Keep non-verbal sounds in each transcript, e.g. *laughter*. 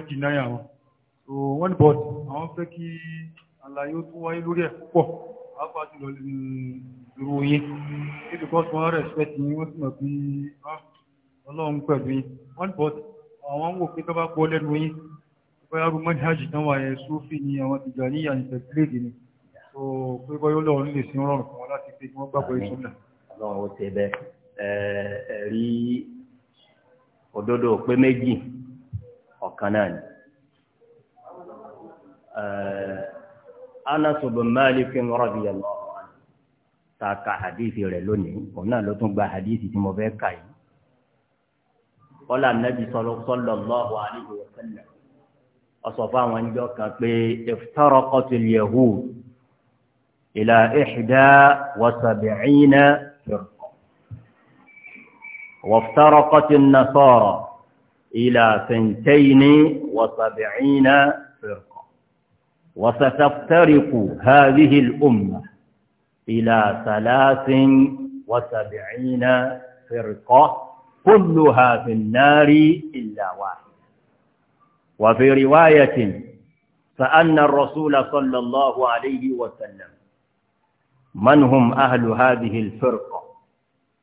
wọ́n dì náà wọn so wọ́n bọ̀ àwọn fẹ́ kí àlàyé ó tún wáyé lórí ẹ̀ púpọ̀ pàápàá jùlọ ìdúró yín níbi kan tí wọ́n respect yín wọ́n sì mọ̀ pé ah, ọlọ́run pẹ̀lú yín wọ́n bọ̀ àwọn ń wò pé tó bá gbọ́ lẹ́nu yín bóyá rú mọ́ni hajj tán wà yẹn sófì ni àwọn ti jà níyà ní tẹ̀síléèdì ni so pé bọ́ yóò lọ́run lè sí rọrùn fún wọn láti pé kí wọ́n gbàgbọ́ yìí sọ́nà. ọlọ́run ó ṣe bẹ́ẹ̀ ẹ̀rí òdodo pé méjì ọ̀kan náà ni. Eh, Anas bin Malik radiyallahu anhu ta ka hadithi rẹ̀ lónìí òun náà ló tún gba hadithi tí mo fẹ́ kà yìí. Qala Nabi sallallahu alayhi wa sallam ọsọ fáwọn ẹnjọ kan pé iftaraqatil yahud ila ihda wa sab'ina firqa wa iftaraqatin إلى ثنتين وسبعين فرقة وستفترق هذه الأمة إلى ثلاث وسبعين فرقة كلها في النار إلا واحدة وفي رواية فأن الرسول صلى الله عليه وسلم من هم أهل هذه الفرقة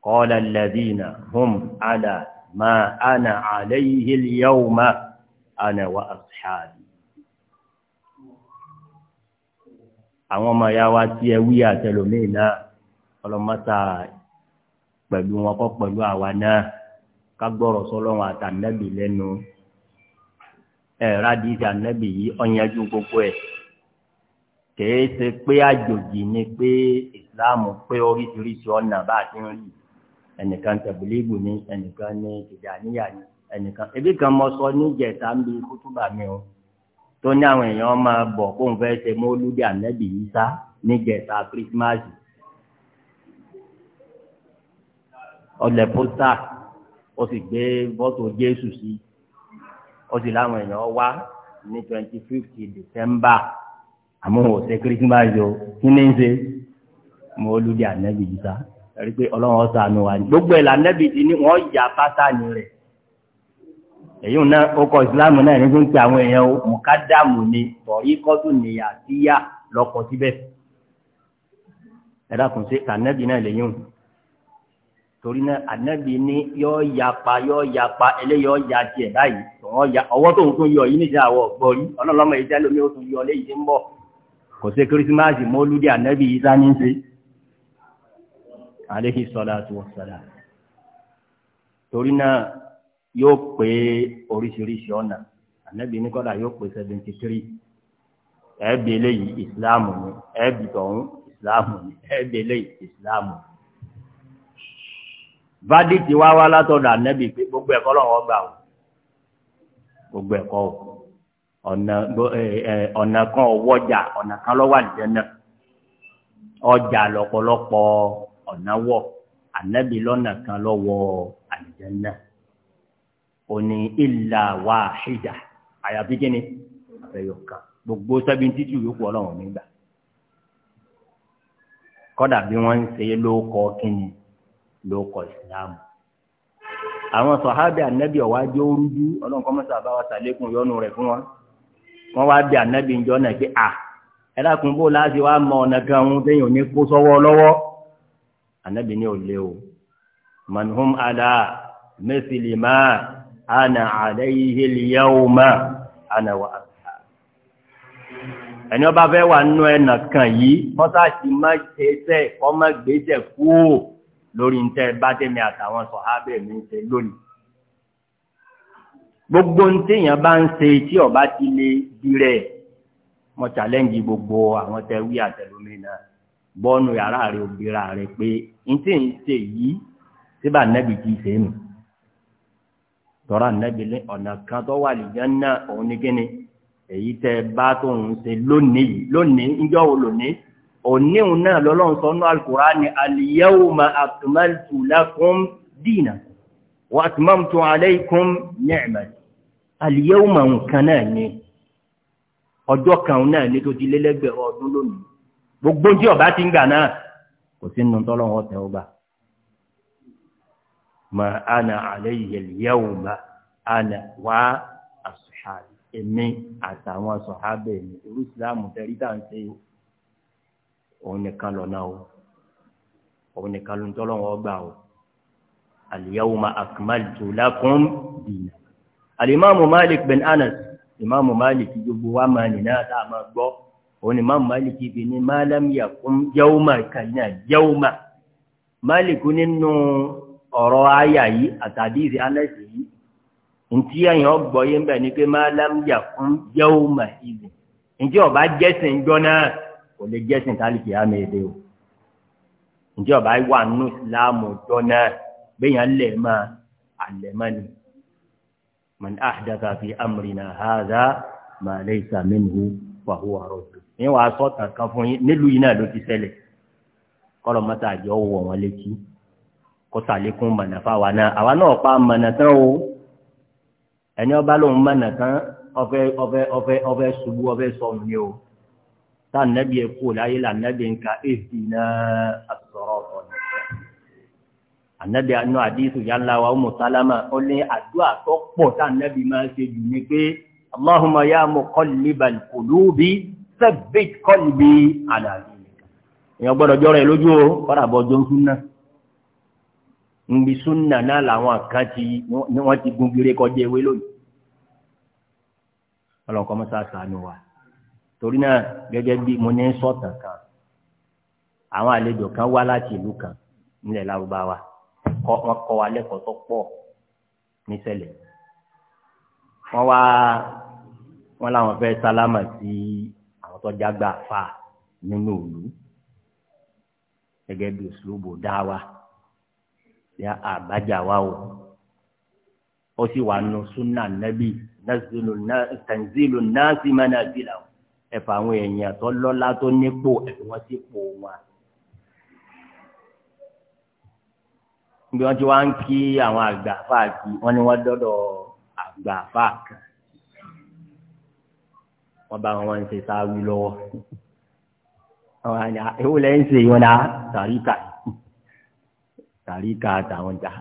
قال الذين هم على ما أنا عليه اليوم أنا وأصحابي. wa ashabi. àwọn ọmọ ya wa tí ẹ wí àtẹlómi náà ọlọmọta pẹ̀lú wọn kọ́ pẹ̀lú àwa náà ká gbọ́rọ̀ sọlọ́run àtànẹ́bì lẹ́nu ẹ̀rá di ìtànẹ́bì yìí ọ̀yanjú gbogbo ẹ̀ kèé ṣe pé àjòjì ni pé ìsìláàmù pé oríṣiríṣi ọ̀nà bá ti ń rí ẹnìkan tẹ̀bílíìgù ni ẹnìkan ní tìjàníyà ni ẹnìkan ebi kan mọ sọ ní ìjẹta ń bi kútùbà mi o tó ní àwọn èèyàn máa bọ̀ kó n fẹ́ ṣe mọ́lúdì ànẹ́bì yìí sá ní ìjẹta kírísímásì ọlẹ pósítà ó sì gbé bọ́tò jésù sí ó sì láwọn èèyàn wá ní twenty fifth december àmọ́ òsè kírísímásì o kí ni ń ṣe mọ́lúdì ànẹ́bì yìí sá. ẹ̀rí pé ọlọ́run ọ̀sán wa gbogbo ẹ̀ lànàbì ti ní wọ́n yà pátánì rẹ̀ èyí náà ó kọ ìsìláàmù náà ní fún àwọn èèyàn mùkádàmù ni bọ̀yì kọ́tù nìyà síyà lọ́kọ̀ síbẹ̀ ẹ̀dá sí ànàbì náà torí náà ànábì ní ya ya tiẹ̀ báyìí tọwọ ya ọwọ́ tóun tún yọ yìí níjà àwọ gbọrí ọlọlọmọ ìjẹ lómi ó tún yọ léyìí tí ń bọ̀ kò sí mọ́lúdì yìí sá ní aleyhi salatu wa torí náà yóò pé oríṣiríṣi ọ̀nà ànábì ní yóò pé seventy three ẹ̀ẹ́dì eléyìí ìsìláàmù ni ẹ̀ẹ́dì tọ̀hún ìsìláàmù ni ẹ̀ẹ́dì eléyìí ìsìláàmù ni. wá wá gbogbo ọ̀nà ọ̀nà kan ọ̀nà kan lọ́wọ́ náà ọ̀nà wọ̀ ànábì lọ́nà kan lọ́wọ́ àlìjẹ́nà ó ní ìlà wàhídà àyàfi kíni àfẹ́yọ̀ kan gbogbo sẹ́bíntì tí yòókù ọlọ́run nígbà kọ́dà bí wọ́n ń ṣe lóókọ kíni lóókọ ìsìláàmù àwọn sọ̀hábì ànábì ọ̀wájú orújú ọlọ́run kọ́ mọ́sá bá wa sàlékún yọnu rẹ̀ fún wọn wọn wá bí ànábì ń jọ náà pé à ẹ dákun bó láti wá mọ ọ̀nà kan òun téèyàn ò ní kó sọ́wọ́ lọ́wọ́ anabi ní òlé o manhum ala mithli ma ana alayhi al-yawma ana wa asha ẹni ọba fẹ́ wà nínú ẹnà kan yìí kọ́sá sì má ṣeṣẹ́ kọ́ má gbèsè kú lórí ntẹ bátẹ́mi àtàwọn sọ̀hábẹ́ mi ń ṣe lónìí gbogbo ntẹ̀yìn bá ń ṣe tí ọba ti lè di rẹ̀ mo challenge gbogbo àwọn tẹ wí àtẹlómi bọ́ọ̀nù yàrá rẹ̀ òbíra rẹ̀ pé n tí ń ṣe yìí síbà nẹ́bi ti ṣe nù tọ́ra nẹ́bi lé ọ̀nà kan tó wà lìjánná òun ní kíni èyí tẹ bá tó ń ṣe lónìí lónìí ńjọ́ wo lónìí òníhun náà lọ́lọ́run sọ nú alukurani al-yawma akmaltu lakum dinakum wa atmamtu alaykum ni'mati al-yawma nǹkan náà ni ọjọ́ kan náà ni tó ti lélẹ́gbẹ̀rún ọdún lónìí gbogbo tí ọba ti ń gbà náà kò sí nínú tọ́lọ́wọ́ tẹ ọba mà ana alayhi al-yawma ana wa as-sahabi èmi àtàwọn sọ̀hábẹ̀ mi irú ìsìláàmù tẹ̀rí tá à ṣe òun nìkan lọ́nà o òun nìkan ló ń tọ́lọ́wọ́ gbà o al-yawma akmaltu lakum dina al Malik bin Anas imamu Malik gbogbo wa máa nìyà tá a máa òní máa Málìkì fi ní málámìyà kún yawma kàyínà yawma Málìkì nínú ọ̀rọ̀ àyà yìí àtàdíìsì alẹ́sì yìí ntí ẹ̀yìn ọgbọ̀ yẹn bẹ̀ ni pé málámìyà kún yawma ìdè ǹjẹ́ ọba jẹ́sìn jọ náà kò lè jẹ́sìn tálíkì àmì èdè o ǹjẹ́ ọba wà nù ìsìlámù jọ náà bẹ́yàn lẹ̀ máa àlẹ̀ máa ni man ahdatha fi amrina hadha ma laysa minhu fa huwa radd ní wàá sọ̀tàn kan fún yín nílùú yìí náà ló ti ṣẹlẹ̀ kọ́lọ̀ mọ́tà àjọ wọ̀ wọn létí kọ́tà lékún mọ̀nà fáwa náà àwa náà pa mọ̀nà tán o ẹni ọba lòun mọ̀nà tán ọfẹ ọfẹ ọfẹ ọfẹ ṣubú ọfẹ sọnù ni o tá nàbí epo láyé là nàbí nǹka èsì náà àtọ̀rọ̀ ọ̀tọ̀ ni ànábì anú àdísù yà ńlá wa ọmọ sálámà ó ní àdúrà tó pọ̀ tá ànábì máa ṣe jù ní pé Allahumma ya muqallibal qulubi tẹ̀bẹ̀t kọ́lìbì àdàbí. èèyàn gbọ́dọ̀ jọrọ ẹ̀ lójú o kọ́dà bọ́ jọ ń súnà. nbí súnà náà làwọn kan ti wọ́n ti gun gire kọjá ewé lónìí. ọlọ́nkọ́ mọ́sá sànù wa torí náà gẹ́gẹ́ bí mo ní sọ̀tàn kan àwọn àlejò kan wá láti ìlú kan nílẹ̀ lárúbáwá wọ́n kọ́ wa lẹ́kọ̀ọ́ tó pọ̀ níṣẹ̀lẹ̀ wọ́n wá wọ́n làwọn fẹ́ sálámà sí tọ́jàgbà fa nínú òlu gẹ́gẹ́ bí òṣùlùbò dá wa ya àbájá wa o ó sì wà nù súnà nẹ́bí tanzilu nasi manazila ẹ̀fọ́ àwọn èèyàn tó lọ́lá tó nípò ẹ̀fọ́ wọn sì pò wọn. bí wọ́n ti wá ń kí àwọn àgbààfà kí wọ́n ní wọ́n dọ́dọ̀ àgbààfà kan wọ́n bá wọn ń ṣe sáwí lọ́wọ́ àwọn àná èwo lẹ́ ń ṣe yọ̀nà tàríkà tàríkà àtàwọn jà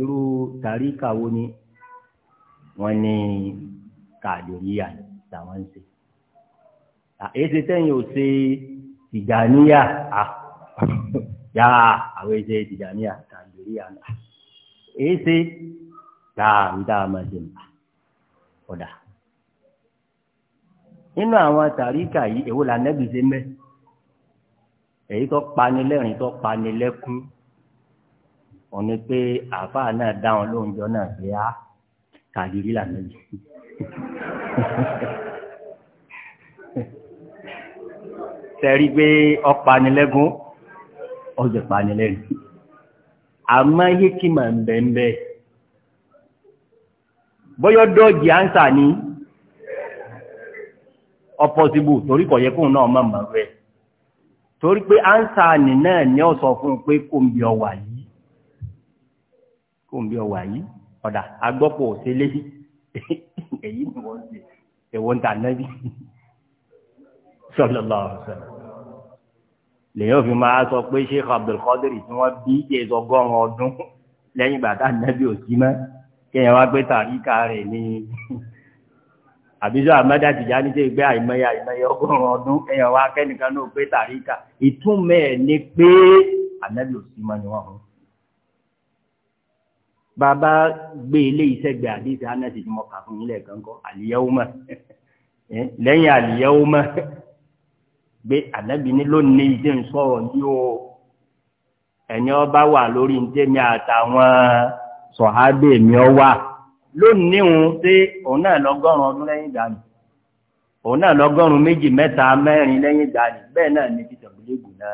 irú tàríkà wo ni wọ́n ní kàdìríyà làwọn ń ṣe èsì tẹ́yìn ò ṣe tìjàníyà yá àwọn èsì tìjàníyà kàdìríyà èsì dáadáa máa ṣe nǹkan ọ̀dà nínú àwọn tàríkà yìí èwo là nẹ́bí ṣe mẹ́ èyí tó pani lẹ́rìn tó pani lẹ́kún òun ni pé àáfàá náà dáhùn lóúnjọ náà pé á kàdírí là nẹ́bí sẹ́rí pé ọ̀panilẹ́gún ọ̀jẹ̀ panilẹ́rìn àmọ́ yé kí ń bẹ́ẹ̀ bẹ́ẹ̀ bọ́yọ́ dọ́ọ̀jì ánsà ni ọpọsibù torí kò yẹ kóun náà mọ̀ mọ̀ rẹ̀ torí pé ánsà nì náà ní ó sọ fún un pé kò ń bí ọwà yìí kò ń bí ọwà yìí ọ̀dà agbọ́pọ̀ òṣèlé *laughs* èyí ni wọ́n ṣe èwọ́n ta nábì *laughs* sallallahu alaihi wasallam lèyìn máa sọ pé Sheikh Abdul Qadir tí wọ́n bí èso ọgọ́rùn ọdún lẹ́yìn bàtà nábì òsì mọ́ kéèyàn wá gbé tàríkà rẹ̀ ní *laughs* àbíjọ́ àmọ́dá tìjà ní tẹ́ ìgbé àìmọye àìmọye ọgọ́rùn ọdún ẹ̀yàn wa kẹ́nìkan náà pé tàríkà ìtumọ̀ ẹ̀ ni pé ànábì ò sí mọ́ ni wọ́n hàn. bàbá gbé ilé ìṣẹ́gbẹ̀ àdìsí anẹ́sì tí mo kà fún ilé ẹ̀kan kọ́ àlìyáwómọ̀ *laughs* lẹ́yìn àlìyáwómọ̀ *laughs* gbé ànábì ní lónìí ìdí ń sọ̀rọ̀ ní o ẹ̀yàn ọba wà lórí ntẹ́mi àtàwọn lónìí òun pé òun náà lọ́gọ́rùn ọdún lẹ́yìn ìgbàanì òun náà lọ́gọ́rùn méjì mẹ́ta mẹ́rin lẹ́yìn ìgbàanì bẹ́ẹ̀ náà ní peter gbólégùn náà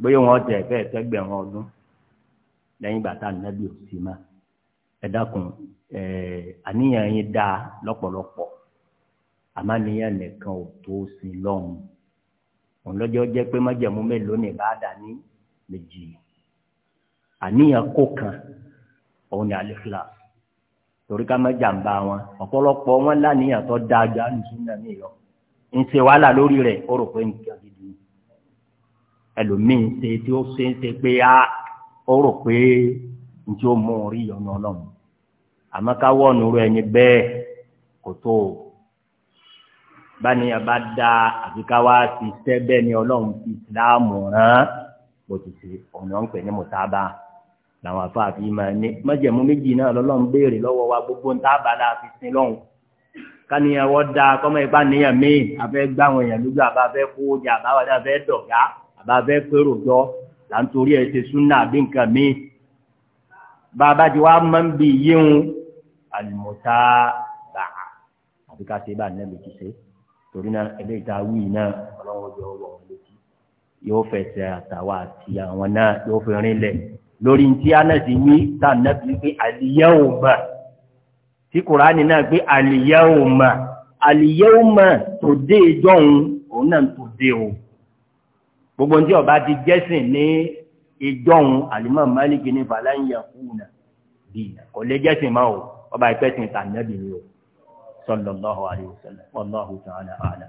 bóyá wọn tẹ fẹ́ẹ́ tẹ́gbẹ̀rún ọdún lẹ́yìn bàtà nàbí òsì máa ẹ dákun ẹ àníyàn yín dáa lọ́pọ̀lọpọ̀ àmọ́ àníyàn nìkan ò tó sí lọ́hùn òun lọ́jọ́ jẹ́ pé májẹ̀mú mélòó ní ìbáàdà ní méjì àníyàn kó kan òun ni al-ikhlas torí ká má jàǹbá wọn ọ̀pọ̀lọpọ̀ wọn lánìyàn tó da àjọ àlùsùnà mi lọ ń ṣe wàhálà lórí rẹ̀ ó rò pé ń kí agídí ẹlòmíín tí ó ṣe ń ṣe pé á ó rò pé ń tí ó mú rí ìyọnu ọlọ́run ká kò tó o báni bá da ká wá ti bẹ́ẹ̀ ni rán bó ọ̀nà làwọn afáàfi máa ní májẹ̀mú méjì náà lọ́lọ́run béèrè lọ́wọ́ wa gbogbo ń tábà dáa fi sin lọ́hùn káníyàn da kọ́mọ ipá níyàn míì abẹ́ gbá àwọn èèyàn lójú àbá fẹ́ kó jà àbá wà dáa fẹ́ dọ̀gá àbá fẹ́ pérò jọ là ń torí ẹ̀ ṣe súnà àbí nǹkan míì bàbá tí máa ń bi yíhun àlùmọ̀tá bà àbí ká ṣe bá nẹ́bi ti ṣe torí náà ẹgbẹ́ ìta wí náà ọlọ́run yóò wọ̀ létí yóò fẹsẹ̀ àtàwọn àti àwọn náà yóò fi rinlẹ̀ lórí tí anasi wí tá nàbí pé àlìyáwòmà tí kùránì náà pé àlìyáwòmà àlìyáwòmà tó dé ìjọhun òun náà tó dé o gbogbo tí ọba ti jẹ́sìn ní ìjọhun àlìmọ́ málìkì ní fàlàyé kùnà dìnnà kò lè jẹ́sìn máa o ọba ìpẹ́sìn tà nàbí o sallallahu alaihi wasallam wallahu ta'ala